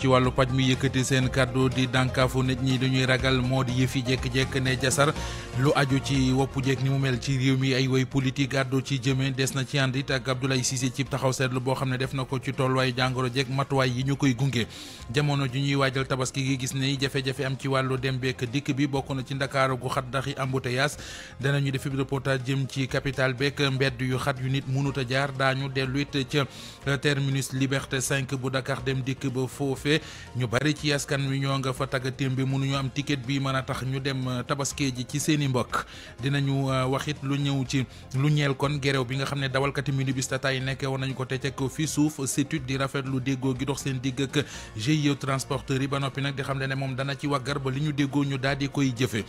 ci walu paj mi yëkëti seen kàddu di dànkaafu nit ñi dañuy ragal moo di yëfi jekk-jekk ne jasar lu aju ci woppu jeeg ni mu mel ci réew mi ay way politique àddu ci jëme des na ci ànd it ak Abdoulaye Cissé ci taxaw seetlu boo xam ne def na ko ci tolluwaay jàngoro jeeg matuwaay yi ñu koy gunge jamono ju ñuy waajal tabaski gi gis ne jafe-jafe am ci wàllu dem beek dikk bi bokk na ci ndakaaru gu xat ndaxi embouteillage danañu def reportage jëm ci capital beek mbedd yu xat yu nit mënut a jaar daañu dellu ca terminus liberté 5 bu Dakar dem dikk ba foofe ñu bari ci askan wi ñoo nga fa taggatim bi mënuñu am ticket bi mën a tax ñu dem euh, tabaskee ji ci seeni i mbokk dinañu euh, waxit lu ñëw ci lu ñeel kon gerew bi nga xam ne dawalkati minibus tata yi nekkee woon nañu ko te teg ko fii suuf CETUD di rafetlu déggoo gi dox seen digg ak GIE transporteurs yi ba noppi nag di xam ne moom dana ci waggar ba li ñu déggoo ñu daal di koy jëfe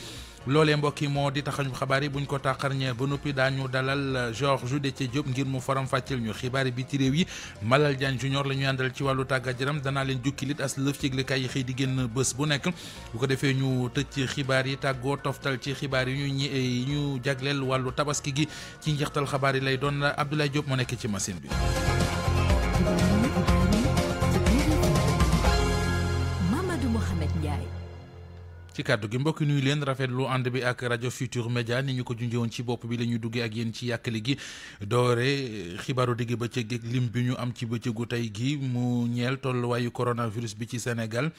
loolee mbokk yi moo di taxañu xabaar yi buñ ko tàqarñee ba noppi daañu dalal Georges Déthié Diop ngir mu faram fàcceel ñu xibaar yi bi ci réew yi Malal Diagne junior la ñuy àndal ci wàllu tàggat yaram danaa leen jukki lit as lëf yëglekaay yi xëy di génn bës bu nekk bu ko defee ñu tëj ci xibaar yi tàggoo toftal ci xibaar yi ñu ñi eh, ñu jagleel wàllu tabaski gi ci njeextal xabaar yi lay doon Abdoulaye Diop moo nekk ci machine bi ci kàddu gi mbokki nuyu leen rafetlu ànd bi ak rajo Futur Média ni ñu ko junjee woon ci bopp bi lañuy ñuy duggee ak yéen ci yàkkali gi doore xibaaru digg bëccëg ak lim bi ñu am ci bëccëgu tey gi mu ñeel tolluwaayu coronavirus bi ci senegal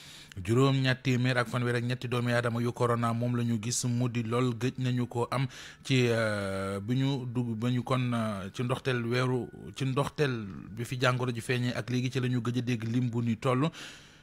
juróom ñetti téeméer ak fanweer ak ñetti doomi aadama yu corona moom la ñu gis mu di lool gëj nañu ko am ci euh, bi ñu dugg ba ñu kon euh, ci ndoxteel weeru ci ndoxteel bi fi jàngoro ji feeñee ak léegi ci lañu ñu gëj a dégg lim bu ni toll.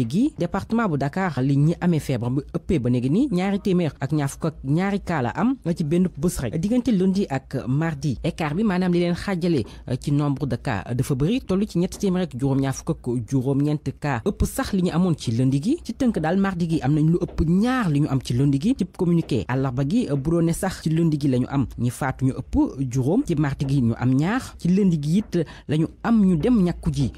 léegi département bu Dakar li ñi amee feebar bu ëppee ba léegi ni ñaari téeméer ak ñaar fukk ak ñaari kaa la am ci benn bés rek diggante lundi ak mardi écart bi maanaam li leen xaajale euh, ci nombre de cas dafa bëri toll ci ñetti téeméer ak juróom-ñaar fukk ak juróom-ñeent cas ëpp sax li ñu amoon ci lundi gi ci tënk daal mardi gi am na lu ëpp ñaar li ñu am ci lundi gi ci communiqué àllarba gi bu doon ne sax ci lundi gi la am ñi faatu ñu ëpp juróom ci mardi gi ñu am ñaar ci lundi gi it la ñu ñu dem ñàkku ji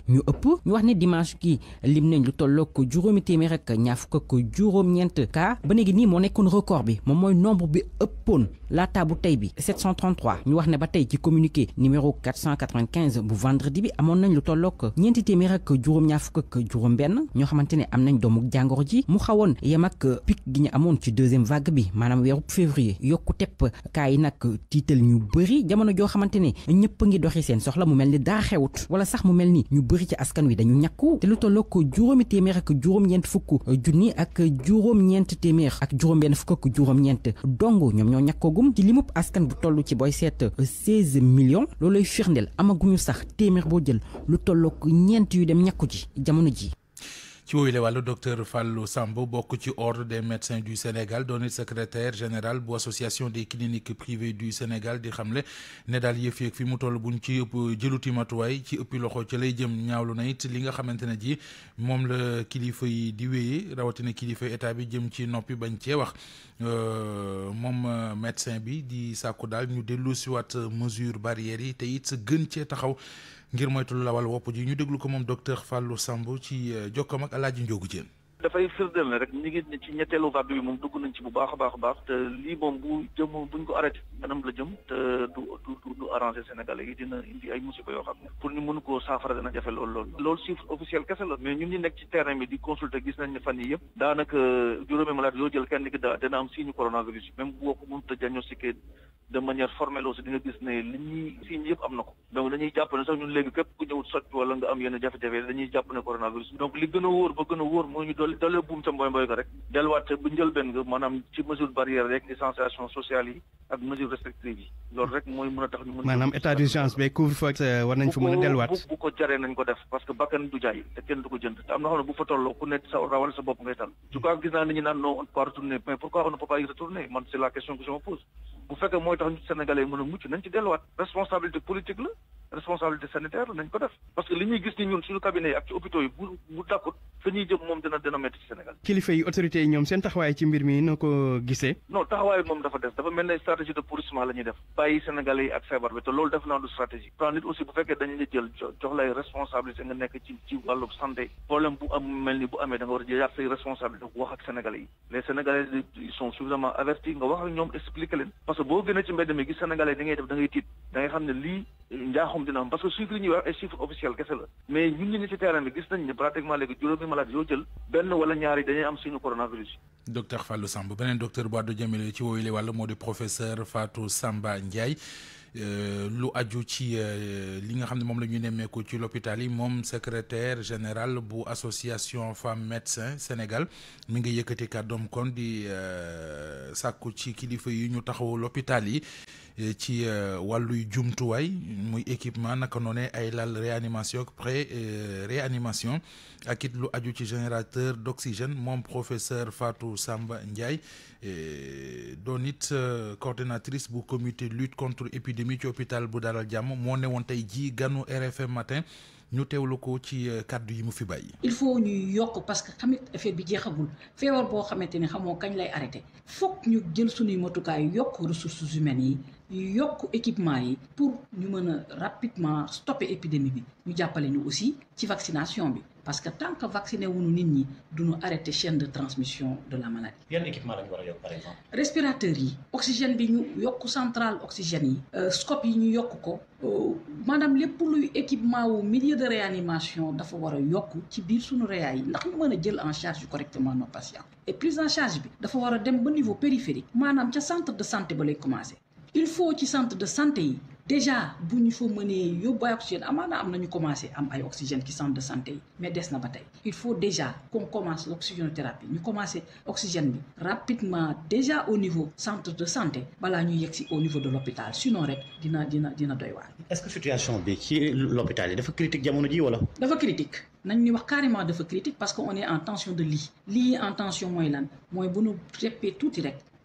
ko juróomi téeméer ak ñaar fukk ak juróom-ñeent cas ba léegi nii record bi moom mooy nombre bi ëppoon la bu tey bi 733 ñu wax ne ba tey ci communiqué numéro 495 bu vendredi bi amoon nañ lu tollook ñeenti téeméer ak juróom-ñaar fukk ak juróom-benn ñoo xamante ne am nañ ji mu xawoon yem pic gi ñu amoon ci deuxième vague bi maanaam weeru février yokku tepp cas yi nag tiital ñu bëri jamono joo xamante ne ñëpp ngi doxi seen soxla mu mel ni dara xewut wala sax mu mel ni ñu bëri ci askan wi dañu ñàkku te lu juróomi téeméer ak juróom-ñeent fukk junni ak juróom-ñeent téeméer ak juróom-benn fukk ak juróom-ñeent dong ñoom ñoo ñàkkoogum ci limub askan bu tollu ci booy seet 16 millions loolay firndeel amaguñu sax téeméer boo jël lu tollook ñeent yu dem ñàkku ji jamono ji ci wooyu le docteur Fallou Samb bokk ci ordre des médecins du Sénégal doon secrétaire général bu association des cliniques privées du Sénégal di xamle ne dal yëf fi mu toll buñ ci ëpp jëluti matuwaay ci ëppi loxo ci lay jëm ñaawlu na it li nga xamante ne ji moom la kilifa yi di wéyee rawatina kilifa état bi jëm ci noppi bañ cee wax euh, moom euh, médecin bi di sàkku daal ñu dellu siwaat mesure barrières yi te it gën cee taxaw ngir moytu lawal wopp ji ñu déglu ko moom docteur Fallou Samb ci euh, jokkoom ak Alaaji Njóogu Jéen dafay firndeel ne rek ñu ngi ci ñetteelu vague yi moom dugg nañ ci bu baax a baax a baax te lii moom bu jëm buñ ko arrêté kanam la jëm te du du du arrangé Sénégalais yi dina indi ay musiba yoo xam ne pour ñu mën koo saafara dina jafe lool lool loolu chiffre officiel kese la mais ñun ñi nekk ci terrain bi di consulter gis nañ fan yi yëpp daanaka juróomi malade yoo jël kenn am signe coronavirus même bu ko mënut de manière formelle aussi di nga gis ne li ñuy signes yëpp am na ko donc dañuy jàpp ne sax ñun léegi képp ku ñëwut socc wala nga am yenn jafe-jafe dañuy jàpp ne coronavirus donc li gën wóor ba gën wóor mooy ñu doole buum ca mboy mboy ko rek delluwaat bu njëlbeen nga maanaam ci mesure barrière rek distanciation sociale yi ak mesure restrictive yi loolu rek mooy mën a tax ñu mën maanaam état d'urgence beeg couvre-feu war nañ fa mën a delluwaat tax ñu Sénégalais yi mën a mucc nañ ci delluwaat responsabilité politique la responsabilité sanitaire la nañ ko def taxawaay moom dafa des dafa mel ne stratégie de pourrissement la ñuy def bàyyi Sénégalais yi ak feebar bi te loolu def naa du stratégie. problème bu am mel ni bu amee da war a jëlaat say responsabilité wax ak Sénégalais yi les Sénégalais ils nga wax ak ñoom expliquer leen parce que boo gën a ci ci mbedd mi gis sénégalais da ngay def da ngay tiit da ngay xam ne lii njaaxum dina am parce que chiffres yi ñuy wax ay chiffres officiels kese la mais ñun ñu ne ci terrain bi gis nañ ne pratiquement léegi juróomi malade yoo jël benn wala ñaari dañuy am suñu coronavirus docteur Fallou Samb beneen docteur bu àddu jëmale ci wooyule wàll moo di professeur Fatou Samba Ndiaye Euh, lu aju ci euh, li nga xam ne moom la ñu nemmeeku ci l'hôpital yi moom secretaire général bu association femmes médecins Sénégal mi ngi yëkkati kàddoom kon di euh, sàkku ci kilifa yi ñu taxawu l'hôpital yi Eh, ci eh, wàlluy way muy équipement naka noné ay lal réanimation pré eh, réanimation akit lu aju ci générateur d'oxygène Mon professeur Fatou Samba Ndiaye doon coordinatrice coordonnatrice bu comité lutte contre épidémie ci hôpital bu Dalal Jàmm moo ne tay ji ganu RFM matin ñu teewlu ko ci cadre yi mu fi il faut ñuy yokk parce que xamit effet bi jeexagul feebar boo xamante ni xamoo kañ lay arrêté. foog ñu jël suñuy matukaay yokk ressources humaines yi yokk équipement yi pour nous mën rapidement stopper épidémie bi ñu jàppale ñu aussi ci vaccination parce que tant que vacciné wuñu nit nous duñu arrêter chaîne de transmission de la maladie. Quel équipement lañu war a par exemple. respirateur yi oxygène bi ñu yokk centrale oxygène yi. Euh, scope yi ñu yokk les euh, maanaam lépp luy équipement milieu de réanimation dafa war a ci biir suñu réa yi ndax ñu mëna jël en charge correctement nos patients et prise en charge bi dafa wara dem ba niveau périphérique manam ci centre de santé ba lay commencer il faut un centre de santé déjà il fo que mënee yóbbu oxygène amana am nañu commencé am ay oxygène ci centre de santé mais dess na batay il faut déjà qu'on commence l'oxygénothérapie ñu commencé oxygène bi rapidement déjà au niveau centre de santé bala ñu yexi au niveau de l'hôpital sinon rek dina dina dina doy est-ce que situation bi ci l'hôpital yi dafa critique jamono ji wala. dafa critique nañ ñu wax carrément dafa critique parce qu'on est en tension de lit Lit en tension moy lan moy bu ñu reppee tout rek.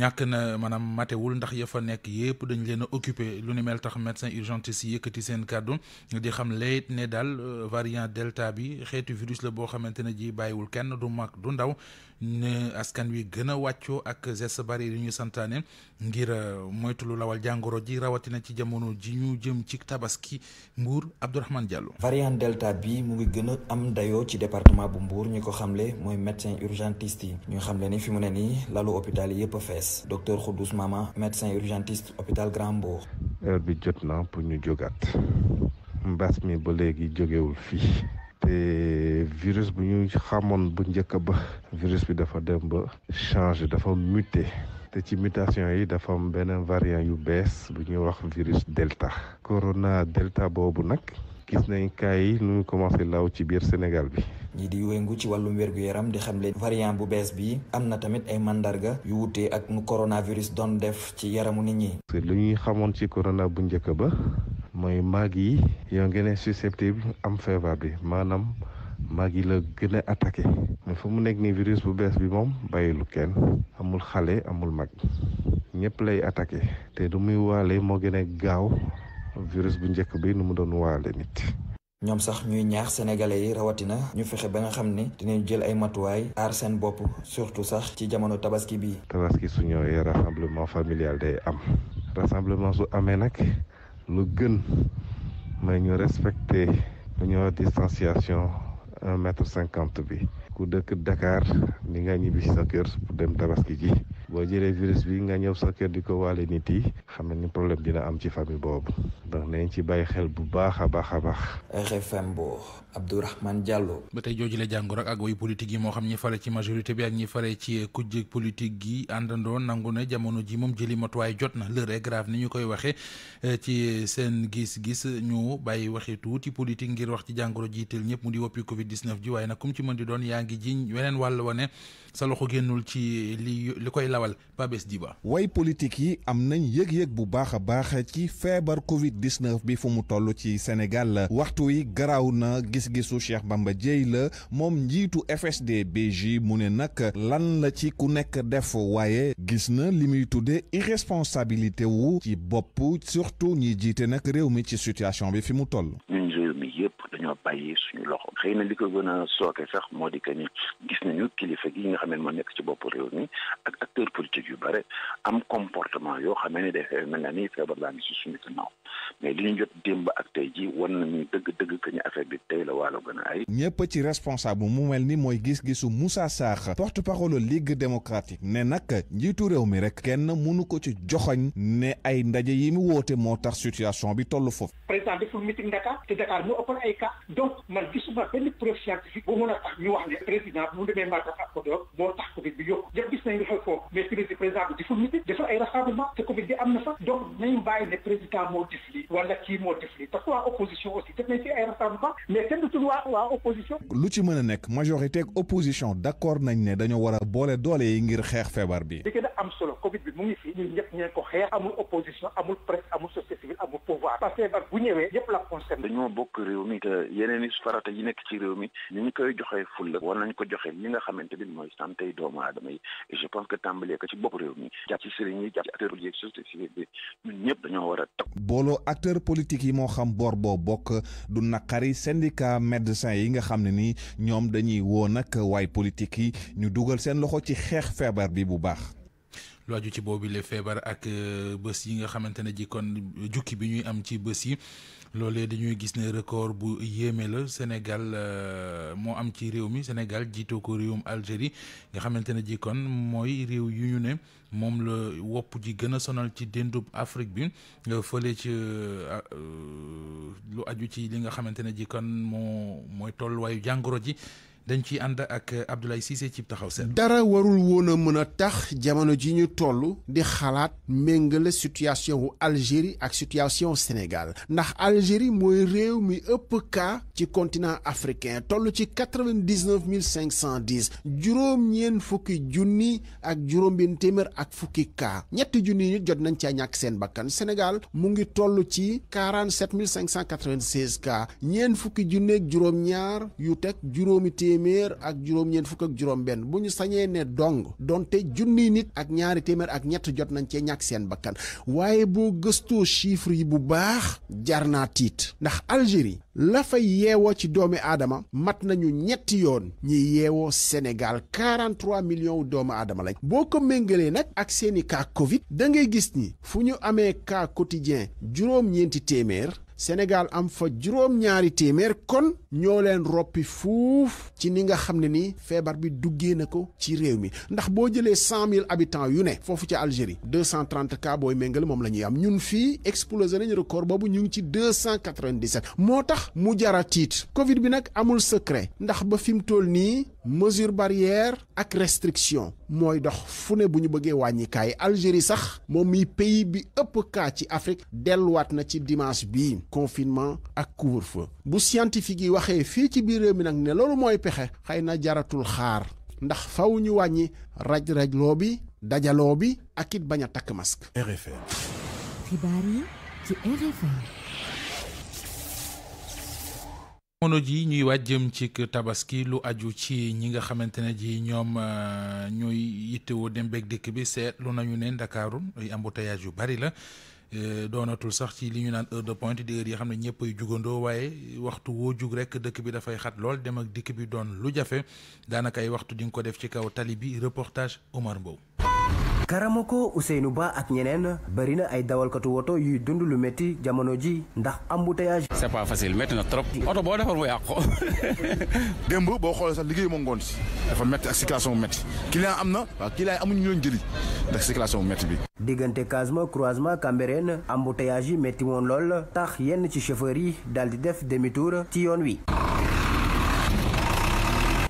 ñàkk na maanaam matewul ndax ya fa nekk yëpp dañ leen a occupé lu ni mel tax médecin urgentiste yi yëkkati seen kàddu di xam léet ne daal euh, variant delta bi xeetu virus la boo xamante ne ji bàyyiwul kenn du mag du ndaw ne askan wi gën a wàccoo ak gestes barrières yi ñu santaane ngir euh, moytu lu lawal jàngoro ji rawatina ci jamono ji ñu jëm ci tabaski Mbour Abdourahmane Diallo. variant delta bi mu ngi gën a am dayoo ci département bu Mbour ñu ko xamle mooy médecin urgentiste yi ñu xamle ni fi mu ne nii lalu hôpital yi yëpp a fees docteur Khoudous Mama médecin urgentiste hôpital Grand Mbour. heure bi jot na pour ñu jógaat. mbas mi ba léegi jógewul fii. te virus bu ñu xamoon bu njëkk ba virus bi dafa dem ba changé dafa mute te ci mutation yi dafa am beneen variant yu bees bu ñuy wax virus delta corona delta boobu nag gis nañ kaay yi nu ñu commencé law ci biir Sénégal bi ñi di wengu ci wàllum wergu yaram di xamle variant bu bees bi am tamit ay mandarga yu wuté ak nu coronavirus don def ci yaramu nit ñi lu ñuy xamoon ci corona bu njëkk ba mooy maag yi yoo gën susceptible am feebar bi maanaam maag yi la gën a attaqué mais fu mu nekk ni virus bu bees bi moom bàyyilu kenn amul xale amul mag ñëpp lay attaqué te du muy waale moo gën a gaaw virus bu njëkk bi nu mu doon waale nit ñom sax ñuy ñaax sénégalais yi rawatina ñu fexé ba nga xam dinañ jël ay matuway ar sen bop surtout sax ci jamono tabaski bi tabaski su rassemblement familial day am rassemblement su amé nak lu gën may ñu respecté ñu distanciation 1 mètre 50 bi ku dëkk Dakar ni nga ñibi sa kër pour dem tabaski ji boo jëlee virus bi nga ñëw sa kër di ko wàlle nit yi xam ne ni problème dina am ci famille boobu ndax nañ ci bàyyi xel bu baax a baax a baax. RFM bo Abdourahmane Diallo. ba tey jooju la jàngoro ak woy politique yi moo xam ñi ci majorité bi ak ñi fare ci kujje politique gi àndandoo nangu ne ji moom jëli matuwaay jot na l'heure est grave ni ñu koy waxee eh, ci seen gis-gis ñu bàyyi wax ci jàngoro jiiteel ñëpp mu di woppi Covid 19 ji waaye nag di doon yaa ngi jiñ weneen wàll wane sa loxo génnul ci li lawal Pabes Diba. way politique yi am nañ yëg-yëg bu baax a baax ci feebar Covid 19 bi fu mu toll ci Sénégal waxtu yi garaaw na gis-gisu Cheikh Bamba Dièye la moom njiitu FSD/BJ mu ne nag lan la ci ku nekk def waaye gis na li muy tuddee irresponsabilité wu ci bopp surtout ñi jiite nag réew mi ci situation bi fi mu toll. dañoo bàyyi suñu loxo xëy na li ko gën a sooke sax moo di que ni gis nañu kilifa gi nga xam ne moo nekk ci bopp réew mi ak acteur politique yu bare am comportement yoo xam ne dafay mel na ni feebar laa ngi si suñu gannaaw mais li ñu jot démb ak tey ji wan nañu dëgg-dëgg que ni affaire bi tey la waalo gën a ay. ñëpp ci responsable mu mel ni mooy gis-gisu Moussa Sakh porte-parole Ligue démocratique ne nag njiitu réew mi rek kenn mënu ko ci joxoñ ne ay ndaje yi mu woote moo tax situation bi toll foofu président deful meeting Dakar te Dakar moo ëppoon ay cas donc man gisuma benn preuve scientifique bu mën a tax ñu wax ne président bu mu demee Matam ak Podor moo tax Covid bi yokku yëpp gis nañ li xew foofu mais que président bi deful meeting defal ay rassemblement te Covid bi am na fa donc nañ bàyyi ne président moo def lii wala kii moo def lii parce que waa opposition aussi def nañ fi ay rassemblement mais kenn dutul waa waa opposition. lu ci mën a nekk majorité ak opposition d'accord nañ ne dañoo war a boole doole yi ngir xeex feebar bi. li gën a am solo Covid bi mu ngi fi ñun ñëpp ñeen ko xeex amul opposition amul presse amul société civile amul pouvoir parce que bu ñëwee mais yëpp la concerne dañoo bokk réew mi te yeneen i farata yi nekk ci réew mi ñu ngi koy joxee fulla war nañ ko joxe li nga xamante ni mooy santé doomu aadama yi et je pense ko ci bopp réew mi jàpp ci sëriñ yi jàpp ci acteur politique société civile bi ñun ñëpp dañoo war a tag booloo acteur politique yi moo xam boor boo bokk du naqari syndicat médecin yi nga xam ne nii ñoom dañuy woo nag waay politique yi ñu dugal seen loxo ci xeex feebar bi bu baax lu aju ci boobu le feebar ak euh, bés yi nga xamantene ji kon jukki bi ñuy am ci bés yi lolé dañuy gis né record bu yémé la Sénégal euh, mo am ci réew mi Sénégal jiitoo ko réewum Algérie nga xamantene ji kon moy réew yu ñu né mom le wopp ji sonal ci déndub Afrique bi feulé ci euh, lu aju ci li nga xamantene ji kon moy tollu tolluwaayu jangoro ji dañ ciy ànd ak Abdoulaye Cissé cib taxaw seet. dara warul woon a mën a tax jamono ji ñu toll di xalaat méngale situation wu Algérie ak situation Sénégal ndax Algérie mooy réew mi ëpp cas ci continent africain toll ci quatre vingt dix neuf mille cinq cent dix juróom-ñeent fukki junni ak juróom-benn téeméer ak fukki cas ñetti junni ñu jot nañ caa ñàkk seen bakkan Sénégal mu ngi toll ci quarante sept mille cinq cent quatre vingt seize fukki junneeg juróom-ñaar yu teg juróomi téeméer téeméer ak juróom-ñeent fukk ak juróom-benn bu ñu sañee ne dong donte junni nit ak ñaari téeméer ak ñett jot nañ cee ñàkk seen bakkan waaye boo gëstoo chiffre yi bu baax jar naa tiit ndax Algérie la fa yeewoo ci doomi aadama mat nañu ñetti yoon ñi yeewoo Sénégal 43 millions wu doomu aadama lañ boo ko méngalee nag ak seeni cas Covid da ngay gis ni fu ñu amee cas quotidien juróom-ñeenti téeméer Sénégal am fa juróom-ñaari téeméer kon ñoo leen roppi fuuf ci ni nga xam ne ni feebar bi duggee ne ko ci réew mi ndax boo jëlee cent mille habitants yu ne foofu ci Algérie deux cent trente cas booy moom la ñuy am ñun fii explosé nañ record boobu ñu ngi ci deux cent quatre vingt dix moo tax mu jara tiit Covid bi nag amul secret ndax ba fi mu toll nii mesure barrière ak restriction mooy dox fu ne bu ñu bëggee wàññi kaay Algérie sax moom mi pays bi ëpp kaa ci Afrique delluwaat na ci dimaas bii confinement ak couvre-feu bu scientifique yi waxee fii ci biir réew mi nag ne loolu mooy pexe xëy na jaratul xaar ndax faw ñu wàññi raj-rajloo bi dajaloo bi ak it bañ a takk mask RFM. xibaar yi ci RFM. mono ji ñuy waaj tabaski lu aju ci ñi nga xamantene ji euh, embouteillage yu bari la euh, doonatul sax ci li ñu heure de pointe di yi xamne ñepp ay de waxtu wo jug rek dekk bi fay xat lol dem ak bi lu ay waxtu di reportage Omar Mbow Karamoko Ousseynou Ba ak ñeneen bari na ay dawalkatu woto yu dund lu metti jamono ji ndax embouteillage. c'est pas facile metti na trop. auto bo defal mu yàqu. dembu bo xol sax liggey mo ngon si dafa metti ak circulation metti client amna na waaw client amuñu ñu leen ndax circulation metti bi. diggante Kasma croisement Cambérène embouteillage metti won lol tax yenn ci chauffeur yi daal di def demi tour ci yoon wi.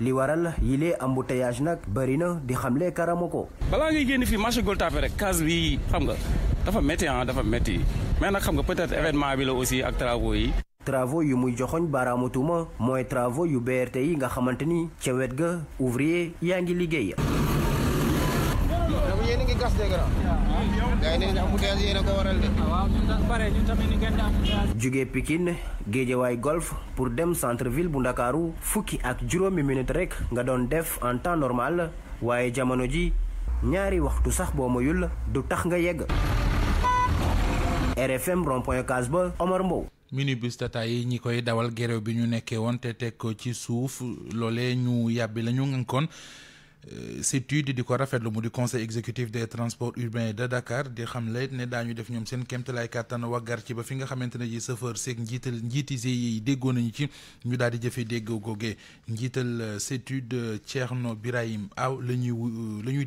li waral yilee embouteillage nag bëri na di xamle ko balaa ngay génn fii marché Gueule rek case bi xam nga dafa métti ah dafa métti mais nag xam nga peut-être événement bi la aussi ak travaux yi. travaux yi muy joxoñ baaraamu mooy travaux yu BRT yi nga xamante ni ca wet ga ouvrier yaa ngi liggéey. jóge gas de grand. gars ah, golf pour dem centre ville bu Ndakaaru fukki ak juróomi minute rekk nga doon def en temps normal waaye jamono ji ñaari waxtu sax boo mayul du tax nga yegg. RFM rond-point ba Omar Mbow. minibus tata yi ñi koy dawal géréw bi ñu nekkee woon te teg ko ci suuf loolee ñu yàbbi lañu ñu si euh, tuuti di ko rafetlu mu di conseil exécutif des transports urbains de Dakar di xam lay ne dañu def ñom seen katan wa gar ci ba fi nga xamantene ne ji chauffeur seeg njiital njiiti yi déggoo nañu ci ñu daal di jëfee déggoo googee njiital euh, CETUD euh, Thierno Birahim Aw lañuy ñuy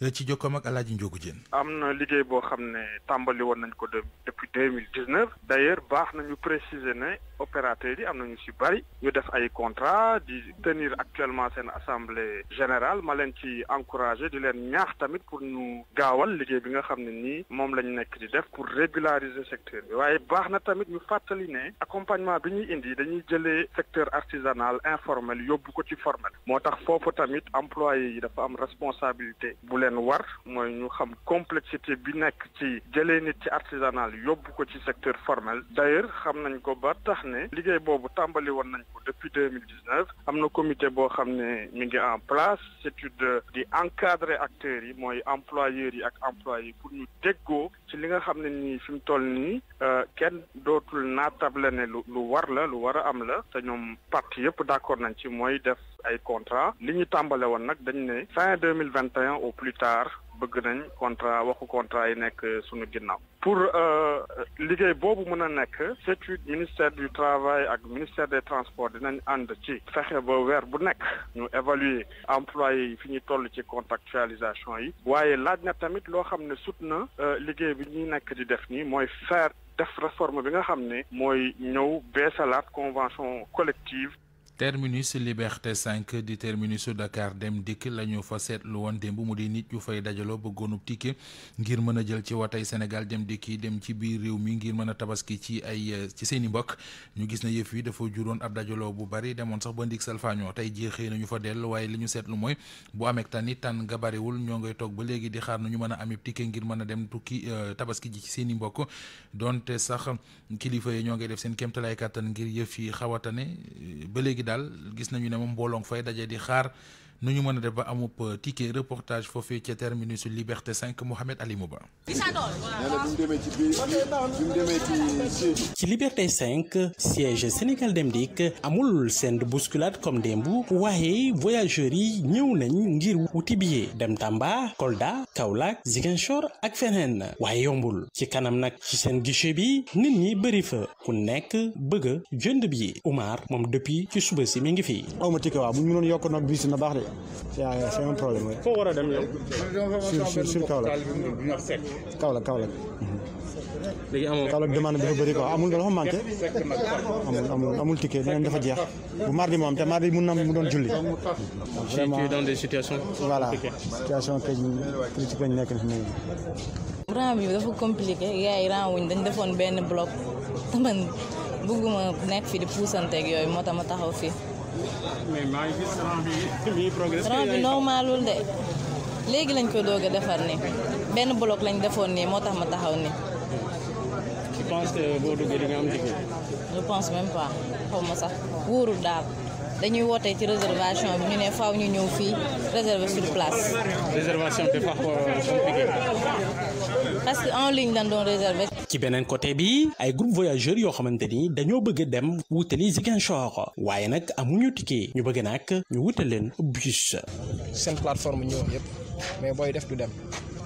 la ci jokkoom ak Alaaji Njogu Jeen amna liggéey bo xamné tambali won nañ ko depuis 2019 d'ailleurs baax nañu préciser né opérateurs yi am na ñu ci bari ñu def ay contrat di tenir actuellement seen assemblée générale ma leen ci encourager di leen ñaax tamit pour ñu gaawal liggéey bi nga xam ne nii moom nekk di def pour régulariser secteur bi waaye baax na tamit ñu fàttali ne accompagnement bi ñuy indi dañuy jëlee secteur artisanal informel yóbbu ko ci formel moo tax foofu tamit employé yi dafa am responsabilité bu leen war mooy ñu xam complexité bi nekk ci jëlee nit ci artisanal yóbbu ko ci secteur formel d'ailleurs xam nañ ko ba tax ne liggéey boobu tàmbali woon nañ ko depuis 2019, mille am na comité boo xam ne mi ngi en place surtout di encadrer acteurs yi mooy employeurs yi ak employés pour ñu déggoo ci li nga xam ne nii fi mu toll nii euh, kenn dootul naatable ne lu lu war la lu war am la te ñoom parti yëpp d'accord nañ ci mooy def ay contrat li ñu tàmbale woon nag dañ ne fin 2021 au plus tard bëgg nañ contrat waxu contrat yi nekk suñu ginnaaw. pour euh, liggéey boobu mën a nekk surtout ministère du travail ak ministère des transports dinañ ànd ci fexe ba weer bu nekk ñu évaluer employé yi fi ñuy toll ci contractualisation yi waaye laaj na tamit loo xam ne sut na euh, liggéey bi ñuy nekk di def nii mooy faire def réforme bi nga xam ne mooy ñëw beesalaat convention collective terminus liberté 5 di terminus Dakar dem dikk la ñu fa seetlu woon démb mu di nit ñu fay dajaloo bëggoonub ticket ngir mën a jël ci watay senegal dem dikk yi dem ci biir réew mi ngir mën a tabaski ci ay ci seen i mbokk ñu gis na yëf yi dafa juróon ab dajaloo bu bari demoon sax ba ndig salfaañoo tey jii xëy nañu fa dellu waaye li ñu seetlu mooy bu ameeg tan it tànn nga bariwul ñoo ngay toog ba léegi di xaar nañu mën a amib ticket ngir mën a dem tukki euh, tabaski ji ci seen i mbokk donte sax kilifa yi ñoo ngay def seen kéemtalaay kàttan ngir yëf yi xawatane euh, ba daal gis nañu ne moom mbooloo fay daje di xaar Nous ñu mën un def ba amub euh, ticket reportage foofee terminus Liberté 5 Mohamed Ali Mouba. ci Liberté 5 siège Sénégal d'Emdik, Dikk amul bousculade comme d'embu, waaye voyageurs yi ñëw nañ ngir billet dem Tamba Kolda Kaulak, Ziguinchor ak feneen waaye yombul ci kanam nag ci seen guichet bi nit ñi bëri fa billet Oumar depuis ci suba si mi fi. aw ticket waaw bu ñu mënoon yaa yaa c'est un problème rek. foo war a dem yow. sur sur sur Kaolack. Kaolack Kaolack. léegi amoo Kaolack demande dafa bëri quoi amul dafa manqué. amul amul amul ticket leneen dafa jeex. bu mardi moom te mardi mun na mu doon julli. vraiment tu es dans des situations. voilà situation nekk fi mu ne. rang bi dafa compliqué gars yi rang wuñ dañ defoon benn bloc te man bëgguma nekk fi di puusanteeg yooyu moo tax taxaw fii. mais maa ngi gis mi progress rang bi normalul de légui lañ ko doga a ni ben bloc lañ defoon nii moo ma taxaw ni je pense que bo duggee di nga am ticket. je pense même pas xaw ma sax wóorul dal dañuy woté ci réservation bi ñu ne faaw ñu ñëw fi réserver sur place. réservation bi dafa compliqué. parce que en ligne lañ don réserver. ci beneen côté bi ay groupe voyageurs yoo xamante ni dañoo bëgg dem wutali Ziguinchor waaye nag amuñu ticket ñu bëgg nag ñu wutal leen bus. seen plateforme ñëw yëpp mais booy def du dem.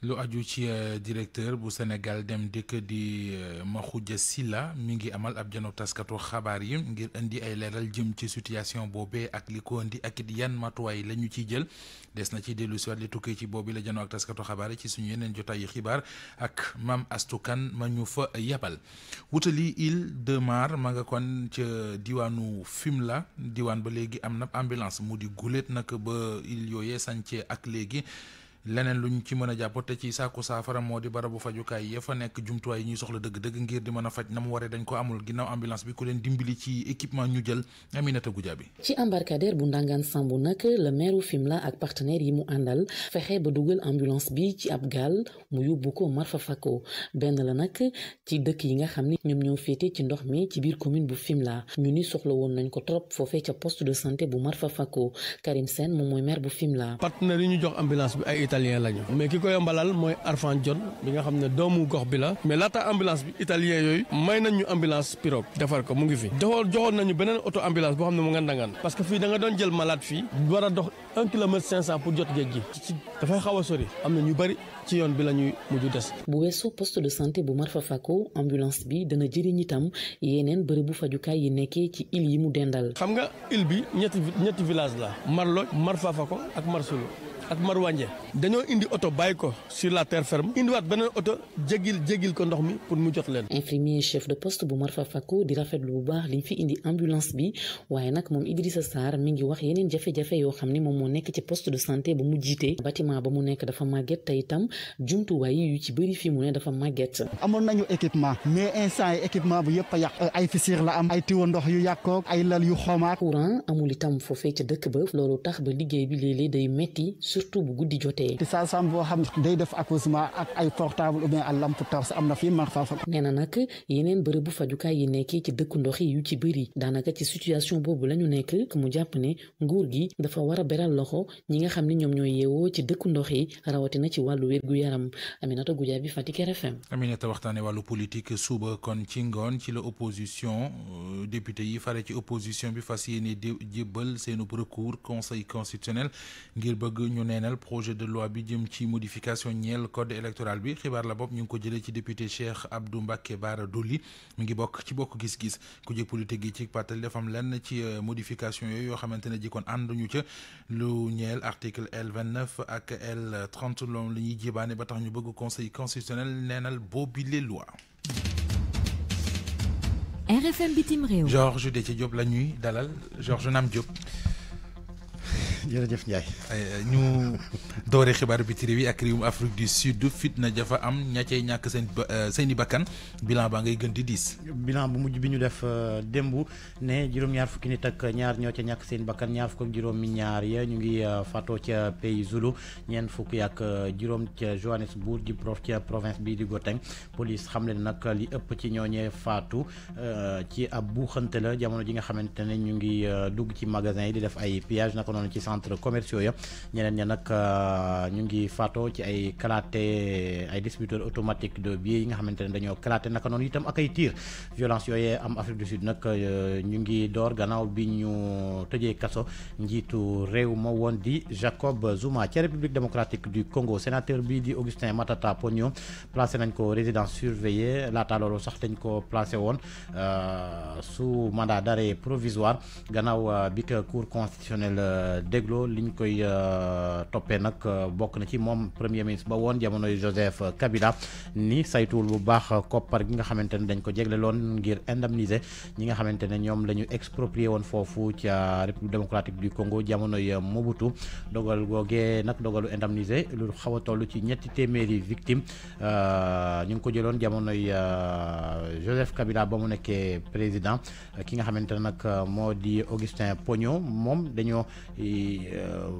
lu aju ci euh, directeur bu senegal dem dëkk di euh, Makhoudia la mi ngi amal ab janook taskatu xabaar yi ngir indi ay leeral jëm ci situation boobee ak li ko indi ak it yan matuwaay la ñu ciy jël des na ci dellu siwaat li tukki ci boobu la janoo ak taskatu xabaar yi ci suñu yeneen jotaayu xibaar ak maam astukan ma ñu fa yebal wutali Île de Mar ma nga kon ca diwaanu la diwaan ba léegi am na ambulance mu di guléet nag ba il yooyee sancee ak léegi leneen luñ ci mën a jàpp te ci sàkku saafara moo di barabu fajukaay ya fa nekk jumtuwaay yi ñuy soxla dëgg-dëgg ngir di mën a faj na mu waree dañ ko amul ginnaaw ambulance bi ku leen dimbali ci équipement ñu jël Aminata Goudiaby ci embarcadère ak partenaire yi mu àndal fexe ba dugal ambulance bi ci ab gaal mu yóbbu ko Marfa fakkoo benn la nag ci dëkk yi nga xam ne ñoom ñoo féete ci ndox mi ci biir commune bu Fimela ñu ni soxla woon nañ ko trop foofee ca post de santé bu Marfa Fako Karim Sène moom mooy maire bu Fimela partenaire yi ñu jox ambulance bi ay italien lañu mais kiko yombalal moy Arfan John bi nga xam doomu gox bi la mais lata ambulance bi italien yoy may nañu ambulance pirok defar ko mu ngi fi joxoon joxoon nañu benen auto ambulance bo xam mo nga ndangan parce que fi da nga don jël malade fi wara dox 1 km 500 pour jot geej gi da fay xawa sori amna ñu bari ci yoon bi lañuy muju dess bu weesoo poste de santé bu Marfa Fako ambulance bi dana yenen itam bu faju kay yi nekké ci île yi mu dendal xam nga île bi ñetti ñetti village la Marlo Marfa Fako ak Marsulu ak Marouane dañoo indi oto bàyyi ko sur la terre indiwaat beneen oto jégil jégil ko ndox mi pour mu jot leen. infirmier chef de poste bu Marfa Fakko di rafetlu bu baax liñ fi indi ambulance bi waaye nag moom Idrissa Sarr mi ngi wax yeneen jafe-jafe yoo xam ne moom moo nekk ci poste de santé mu jiitee bâtiment ba mu nekk dafa màgget te itam jumtuwaay ci bëri fii mu ne dafa màgget. amoon nañu équipement mais instant yi équipement bu yëpp yàq ay fissures la am ay tiwo ndox yu yàqoog ay lal yu xomaak courant amul itam foofee ca dëkk ba loolu tax ba liggéey bi léeg-léeg day metti surtout bu guddi jotee. di saa saam boo xam day def accouchement ak ay portable ou bien à lampe torche am na fii mar faafa. nee na yeneen bërëbu fajukaay yi nekkee ci dëkk ndox yi yu ci bëri daanaka ci situation boobu la ñu nekk mu jàpp ne nguur gi dafa war a beral loxo ñi nga xam ne ñoom ñooy yeewoo ci dëkk ndox yi rawatina ci wàllu wérgu yaram Aminata Goudiaby Fatick RFM. Aminata waxtaanee wàllu politique suba kon ci ngoon ci la opposition euh, député yi fare ci opposition bi fas yéene jébbal seenu recours conseil constitutionnel ngir bëgg ñu nénal projet de loi bi jëm ci modification ñeel code électoral bi xibar la bop ñu ko jëlee ci député Cheikh Abdou Mbacké Bara Dolly mi ngi bok ci bok gis-gis ku jëg politique ci pàttali dafa am lenn ci euh, modification yooyu yoo xamante ne jikkoon ànduñu ci lu ñeel article L29 ak L30 loolu la ñuy jébaane ba tax ñu bëgg conseil constitutionnel bobu boobile loi. RFM bitim Georges Déthié Diop la ñuy dalal Georges Nam Diop. jërëjëf Ndiaye. ñu doore xibaar bi réew yi ak réewum Afrique du Sud fitna jafa am ña cay ñàkk seen euh, seen i bakkan bilan baa ngay gën di diis. bilan bu mujj bi ñu def euh, démb ne juróom-ñaar fukki nit ak ñaar ñoo ca ñàkk seen bakkan ñaar fukk ak juróomi ñaar ya ñu ngi euh, faatoo ca pays Zulu ñeent fukki ak juróom ca Johannesburg di prof ca province bii di Gauteng police xam leen nag li ëpp ci ñooñee faatu ci ab buuxante la jamono ji nga xamante ne ñu ngi dugg ci magasin yi di def ay centres commerciaux ya ñeneen ña nag euh, ñu ngi faato ci ay ay distributeur automatique de billets yi nga xamantene dañoo kalaate naka non itam ak ay violence yooyee am Afrique du Sud nak euh, ñu ngi door ganaw bi ñu tëjee kasso njitu réew mo Jacob Zuma est République démocratique du Congo sénateur bi di Augustin Matata Ponio placé nañ ko résidence surveillée lata loolu sax dañ ko placé euh, sous mandat d'arrêt provisoire ganaw euh, bi que cour constitutionnelle dégloo li ñu koy euh, toppee nag euh, bokk na ci moom premier ministre ba woon jamonoy Joseph Kabila ni saytuwul bu baax koppar gi nga xamante ne dañ ko jegle loon ngir indemniser ñi nga xamante ne ñoom la ñu exproprié woon foofu ca république démocratique du kongo jamonoy euh, Mobutu dogal googee nag dogalu indemniser lu xaw a toll ci ñetti téeméeri victime ñu ngi ko jëloon jamonoy Joseph Kabila ba mu nekkee président ki nga xamante ne nag moo di Augustin Pogno moom dañoo leve euh,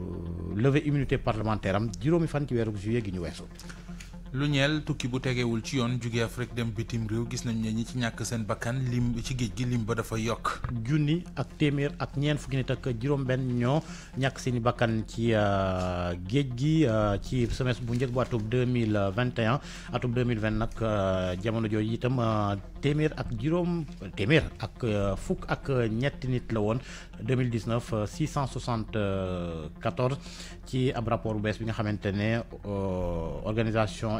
levée immunité parlementaire am juróomi fan ci weeru juillet gi ñu weesu. lu ñeel tukki bu tegewul ci yoon jóge Afrique dem bitim réew gis nañ ne ñi ci ñàkk seen bakkan lim ci géej gi lim ba dafa yokk. junni ak téeméer ak ñeent fukki nit ak juróom-benn ñoo ñàkk seen i bakkan ci euh, géej gi euh, ci semestre bu njëkk bu atub mille vingt et un atub mille vingt nag euh, jamono jooju itam téeméer ak juróom téeméer ak fukk ak ñett nit la woon deux mille dix neuf six cent soixante ci ab rapport bu bees bi nga xamante ne organisation.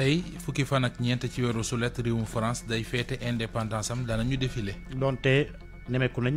tey fukki fan ak ñeent ci weeru sulet réewum France day feete indépendance am danañu défilé. donte nemeeku nañ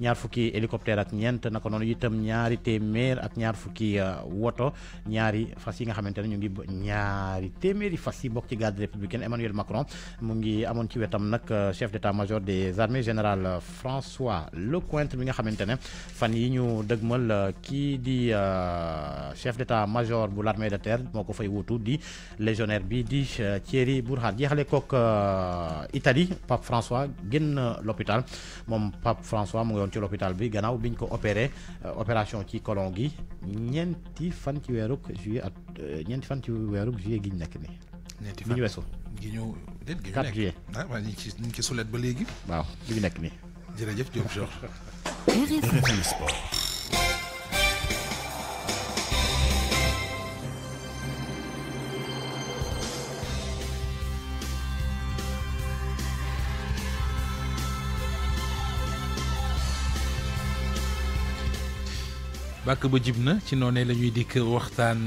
ñaar fukki hélicoptère ak ñent naka noonu itam ñaari témèr ak ñaar fukki euh, woto ñaari fas yi nga xamante ñu ngi ñaari fas yi ci garde républicaine Emmanuel Macron mu ngi amon ci wétam nak euh, chef d'état-major des armées général euh, François Lecointe bi nga xamante fan yi ñu dëgmal ki di chef d'état-major bu l'armée de terre moo fay wutu di légionnaire bi di Thierry Bourkhane jeexale kok Italie Pape François genn l'hôpital mom Pape François François ci l'hôpital bi gannaaw biñ ko opéré euh, opération qui colon gi fan ci juillet at euh, ñenti fan ci juillet giñ ñu ni nii. fan ñu weesu. gi ah ñi ci sulet ba waaw bàkk ba jib na ci noonee la ñuy dikk waxtaan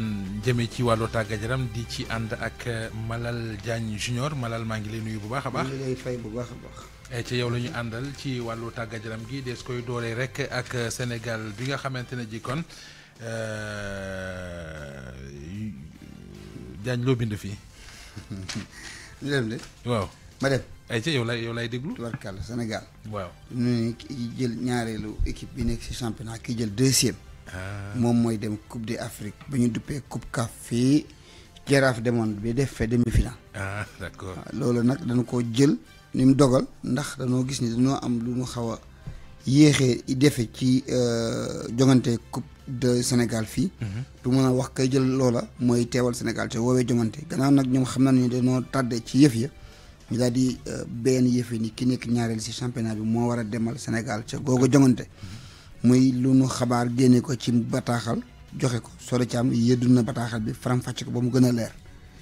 jëme ci wàllu tàggat yaram di ci ànd ak eh, Malal Diagne junior Malal maa ngi lay nuyu bu baax a baax. ay lay fay bu baax eh, ci yow la ñu àndal ci wàllu tàggat yaram gi des koy dooree rek ak Sénégal bi nga xamante ne ji kon eh, Diagne loo bind fii. ñu dem waaw ma dem. ay ca yow lay yow lay déglu. tubarkàlla Sénégal. waaw ñu ngi jël ñaareelu équipe bi nekk ci championnat ki jël Ah. moom mooy dem coupe d'Afrique ba ñu duppee coupe CAF fii jaraaf demoon bi def fa demi-finale. Ah, ah loolu nag dañu ko jël ni mu dogal ndax dañoo gis ni dañoo am lu ñu xaw a yéexee defe ci euh, jongante coupe de Sénégal fii. Mhm. du mën a wax kay jël loola mooy teewal Sénégal te woowee jongante gannaaw nag ñoom xam nañu ne dañoo tàddee ci yëf ya. ñu daal di euh, benn yëf yi ni ki nekk ñaareel si championnat bi moo war a demal Sénégal ca googu jongante. Mhm. muy lu nu xabaar génne ko ci bataaxal joxe ko Soro Thiam yëddu na bataaxal bi faram ko ba mu gën a leer.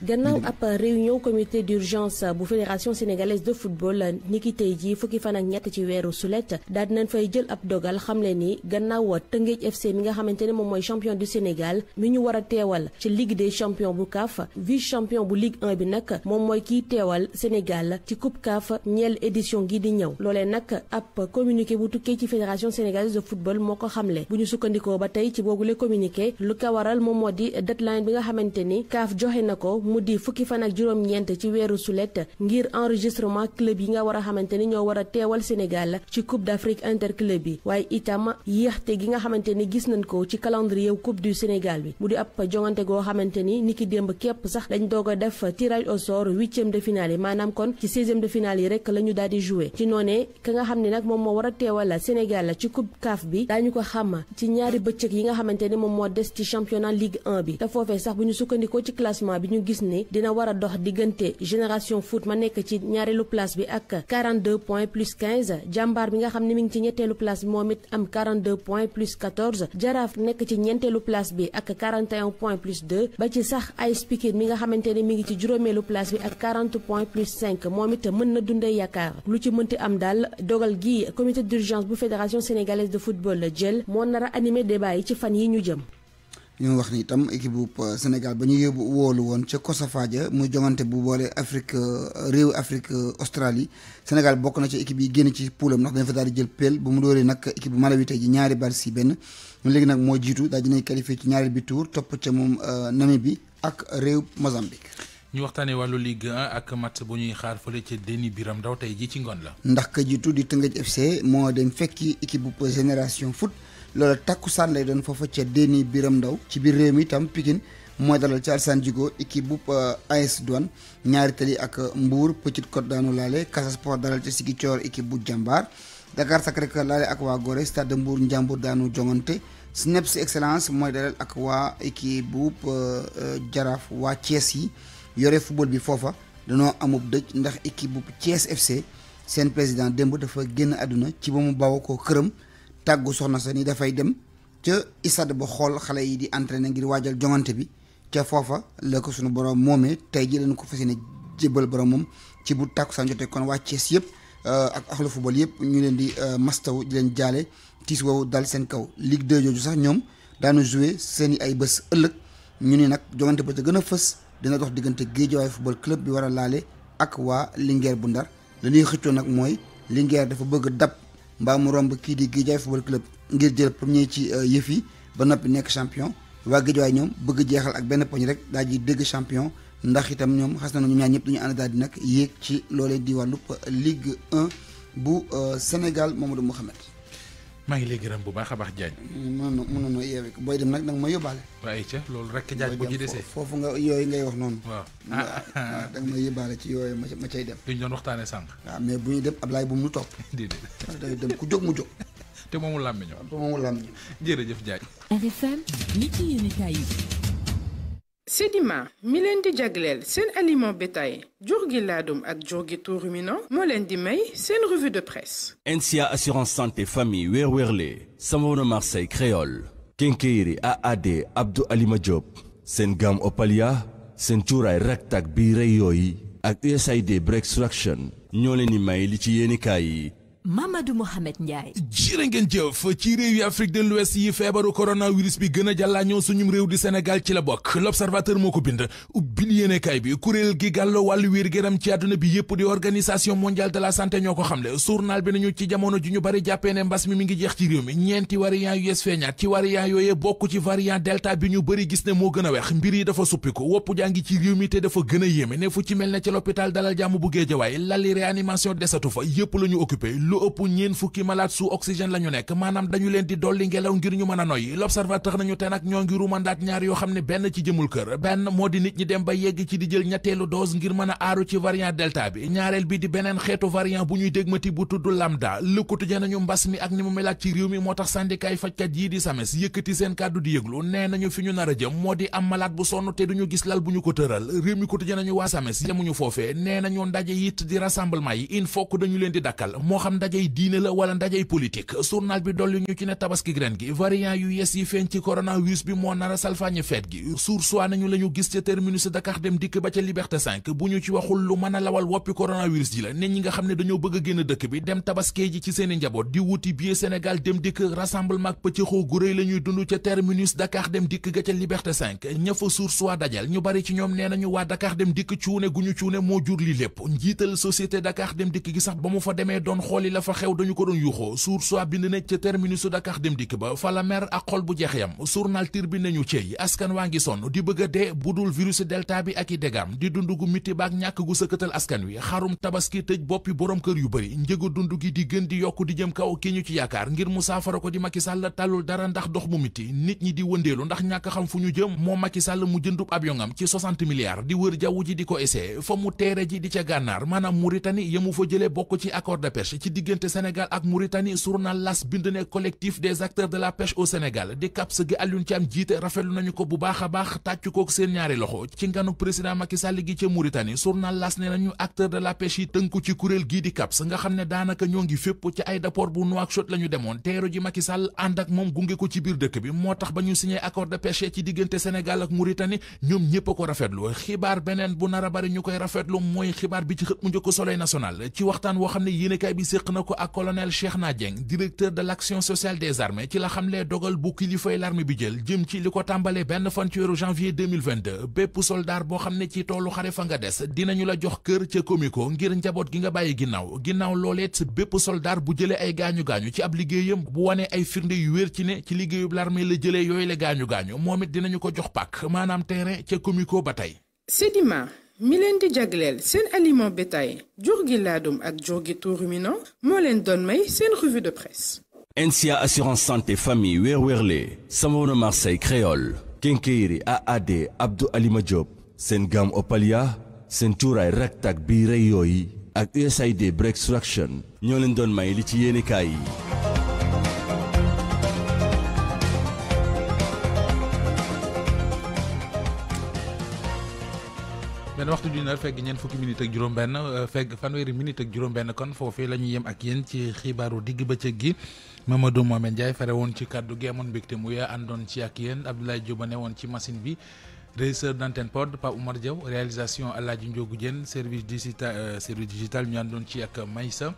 gannaaw ab réunion comité d'urgence bu fédération sénégalaise de football niki ki tey jii fukki fan ak ñett ci weeru sulet daal dinañ fay jël ab dogal xamle ni gannaaw Tëngéej FC mi nga xamante ne moom mooy champion du Sénégal mi ñu war a teewal ci ligue des champions bu CAF vice champion bu ligue 1 bi nag moom mooy kiy teewal Sénégal ci coupe CAF ñeel édition gi di ñëw loolee nag ab communiqué bu tukkee ci fédération sénégalaise de football moo ko xamle bu ñu sukkandikoo ba tey ci boobule communiqué lu ko waral moom moo di deadline bi nga xamante ni CAF joxe na ko mu di fukki fan ak juróom-ñeent ci weeru sulet ngir enregistrement club yi nga war a xamante ni ñoo war a teewal Sénégal ci Coupe d'Afrique interclub yi waaye itam yéexte gi nga xamante ni gis nañ ko ci calendrier Coupe du Sénégal bi mu di ab jongante goo xamante ni niki démb képp sax dañ doog a def tirage au sort huitième de finale yi maanaam kon ci seizième de finale yi rek la ñu daal di joué ci noonee ka nga xam ne nag moom moo war a teewal Sénégal ci Coupe CAF bi daañu ko xam ci ñaari bëccëg yi nga xamante ni moom moo des ci championnat Ligue 1 bi ne dina dox génération foot ma nekk ci ñaareelu place bi ak 42 points 15 jàmbaar bi nga xam mi ngi ci place bi moom am 42 points plus 14 jaraaf nekk ci place bi ak 41 points 2 ba ci sax mi nga xamante mi ngi ci place bi ak 40 points plus 5 moom it mën na yaakaar lu ci am dogal gi comité d'urgence bu fédération sénégalaise de football jël moo nar a animé débat yi ci fan yi ñu jëm. ñu wax ni itam équipe bu euh, Sénégal ba ñu yóbbu woolu woon ca Kosafaja muy jongante bu boole Afrique euh, réew Afrique euh, Australie Sénégal bokk na ci équipe yi génn ci poulam ndax dañu fa daal di jël peel bu mu dooree nag équipe bu Malawi tey ji ñaari bal si benn léegi nag moo jiitu daal dinañ qualifié ci ñaari bi tour topp ca moom Namibie ak réew Mozambique. ñu waxtaanee wàllu Ligue 1 ak mat bu ñuy xaar fële ca Déni Biram Ndaw tey ji ci ngoon la. ndax ka jiitu di Tëngëj FC moo dem fekki équipe bu génération foot. loola takkusaan lay doon foofa ca Déni Biram Ndaw ci biir réew mi itam Pikine mooy dalal ci san Djigo équipe bu euh, AS Douane ñaari tali ak Mbour Petite Côte daanu laale Casa Sport dalal ci Ziguinchor équipe bu Jàmbaar Dakar Sacré-Cœur laale ak waa Gorée Stade de Mbour daanu jongante SNEPS Excellence mooy dalal ak waa équipe bu euh, Jaraaf waa Thiès yi yore football bi foofa danoo amub dëj ndax équipe bu Thiès FC seen président démb dafa génn àdduna ci ba mu ko këram tàggu soxna sa ni dafay dem ca ISAD ba xool xale yi di entraîné ngir waajal joŋante bi ca foofa la ko sunu borom moomee tey ji lañ ko fas yéene jébbal borom moom ci bu tàkkusaan jotee kon waa Thiès yëpp euh, ak axlu football yëpp ñu leen di euh, mastaw di leen jaale tiis woowu dal seen kaw lig 2 jooju sax ñoom daanu joué seen i ay bës ëllëg ñu ne nag joŋante ba ca gën a fës dina dox diggante Guédiawaye football club bi war a laale ak waa Linguère bu Ndar la ñuy nag mooy Linguère dafa bëgg dab. mbaa mu romb ki di football club ngir jël premier ci euh, yëf yi ba noppi nekk champion Wa Guédiawaye ñom bëgg jéxal ak benn poñ rek daal di champion ndax itam ñom xas nañu ñaar ñëpp dañu a daal di nag ci Ligue 1 bu euh, Sénégal Mamadou Mohamed maa ngi lay gërëm bu baax a baax Diagne. mënoon mënoon yeewee booy dem nag nag ma yóbbaale. waaye ca loolu rek Diagne bu ci desee foofu nga yooyu ngay wax noonu. waaw ah, ah da nga ma yóbbaale ci yooyu ma ma cay dem. duñ doon waxtaanee sànq. waaw mais bu ñuy dem Ablaye bu mu topp. déedéet parce que dem ku jóg mu jóg. te moomu làmmiñoo. te moomu làmmiñoo. jërëjëf Diagne. RFM nit yi yéen a kaay Sedima mi leen di jagleel seen aliment bétail jur gi laadum ak jur gi tout ruminant di may seen revue de presse. nca assurance santé famille weer weerle Marseille créole A AAD Abdou Alima Diop seen Opalia seen cuuraay raktak bi rey yooyu ak USAID Brexit Action ñoo leen may li ci Mamadou Mohamed Ndiaye jirë ngeen jëf ci réew yi Afrique de l'Ouest yi feebaru coronavirus bi gën a jàllaa ñëw suñum réew di Sénégal ci la bokk l'Observateur moo ko bind ubbil yéenekaay bi kuréel gi gàlloo wàllu wér-gu-yaram ci àdduna bi yépp di Organisation mondiale de la santé ñoo ko xamle journal bi nañu ci jamono ji ñu bari jàppee ne mbas mi mi ngi jeex ci réew mi ñeenti variant yu yees feeñaat ci variant yooyee bokk ci variant delta bi ñu bari gis ne moo gën a mbir yi dafa suppiku wopp jaa ngi ci réew mi te dafa gën a ne fu ci mel ne ci l'hôpital Dalal Jàmm bu Géejawaay lali réanimation desatu fa yépp lañu occupé lu ëpp ñeen fukki malade sous oxygène la nekk maanaam dañu leen di dolli ngelaw ngir ñu mën a noy l'observateur nañu te nag ñoo ngi rumandaat ñaar yoo xam ne benn ci jëmul kër benn moo di nit ñi dem ba yegg ci di jël ñetteelu dose ngir mën a aaru ci variant delta bi ñaareel bi di beneen xeetu variant bu ñuy dégmati bu tudd lambda lëkkutuje nañu mbas mi ak ni mu melaat ci réew mi moo tax syndicat yi fajkat yii di SAMES yëkkati seen kàddu di yëglu nee nañu fi ñu nar a jëm moo di am malade bu sonn te duñu gis lal bu ñu ko tëral réew mi kotuje nañu waa SAMES yemuñu foofee nee nañu ndaje it di rassemblement yi il faut dañu leen di dakkal moo yi diine la wala ndajey politique journal bi dolli ñu ci ne tabaski ren gi variant yu yes yi feeñ ci coronavirus bi moo nar a salfaañe gi sursoi nañu la gis ca terminus Dakar dem dikk ba ca Liberté 5 bu ñu ci waxul lu mën a lawal woppi coronavirus ji la ne ñi nga xam ne dañoo bëgg a génn dëkk bi dem tabaskee ji ci seeni njaboot di wuti biir Sénégal dem dikk rassemblement pëccëxoo gu réy la ñuy dund ca terminus Dakar dem dikk ga ca Liberté 5 ña fa ñu bari ci ñoom nee nañu waa Dakar dem dikk cuune gu ñu cuune moo jur li lépp njiital société Dakar dem dikk gi sax ba mu fa demee doon xooli la fa xew dañu ko doon yuuxoo suur soi bind ne ca terminus Dakar dem dikk ba fa la mer ak xol bu jeexee yam journal tir bi nañu cey askan waa ngi sonn di bëgg a dee bu dul virus delta bi ak i dégam di dund gu miti baak ñàkk gu sëkkatal askan wi xarum tabaski tëj boppi borom kër yu bëri njëgu dund gi di gën di yokk di jëm kaw ki ñu ci yaakaar ngir mu saafara ko di Macky Sall talul dara ndax dox mu miti nit ñi di wëndeelu ndax ñàkk xam fu ñu jëm moo Macky Sall mu jëndub abyongam ci 60 milliards di wër jaww ji di ko essayé fa mu teere ji di ca bokk diggante Sénégal ak Mauritanie journal L'As bind ne collectif des acteurs de la pêche au Sénégal di CAPS gi Alioune Thiam jiite rafetlu nañu ko bu baax a baax tàcc kook seen ñaari loxo ci nganu président Macky gi ca Mauritanie journal L'As ne nañu acteurs de la pêche yi tënku ci kuréel gii di CAPS nga xam ne daanaka ñoo ngi fépp ci aéroport bu Nouakchott la ñu demoon teeru ji Macky ànd ak moom gunge ko ci biir dëkk bi moo tax ba ñu signé accord de na ko ak colonel Cheikhna Dieng directeur de l'action sociale des armées ci la xamle dogal bu kilifay l'armée bi jël jëm ci li ko tàmbalee benn fan ci weeru janvier 2022 bépp soldaar boo xam ne ci toolu xare fa nga des dinañu la jox kër ca comico ngir njaboot gi nga bàyyi ginnaaw ginnaaw looleet bépp soldaar bu jële ay gaañu-gaañu ci ab liggéeyam bu wanee ay firnde yu wér ci ne ci liggéeyub l'armée la jëlee yooyu la gaañu-gaañu moom it dinañu ko jox pàkk maanaam terrain ca comico ba tey Milendi jaglel c'est un aliment bétail jur Ladum et ak tout ruminant may revue de presse. NCA assurance santé famille weer werlé Marseille créole Kenkeiri, AAD Abdou Alima c'est sen gam Opalia sen touray raktak bi rey ak USAID Breakthrough Action ñoo leen de may li ci benn waxtu ju nar fekk ñeent fukki minute ak juróom-benn euh, fekk fanweeri minute ak juróom-benn kon foofee la ñuy yem ak yéen ci xibaaru digg bëccëg gi Mamadou Mohamed Ndiaye fare woon ci kàddu gi amoon mbégte mu yaa àndoon ci ak yéen Abdoulaye Diop ne woon ci machine bi régisseur d'antenne pod Pape Oumar Diaw réalisation Alaaji Ndiogu Diène service digital euh, service digital ñu àndoon ci ak Maysa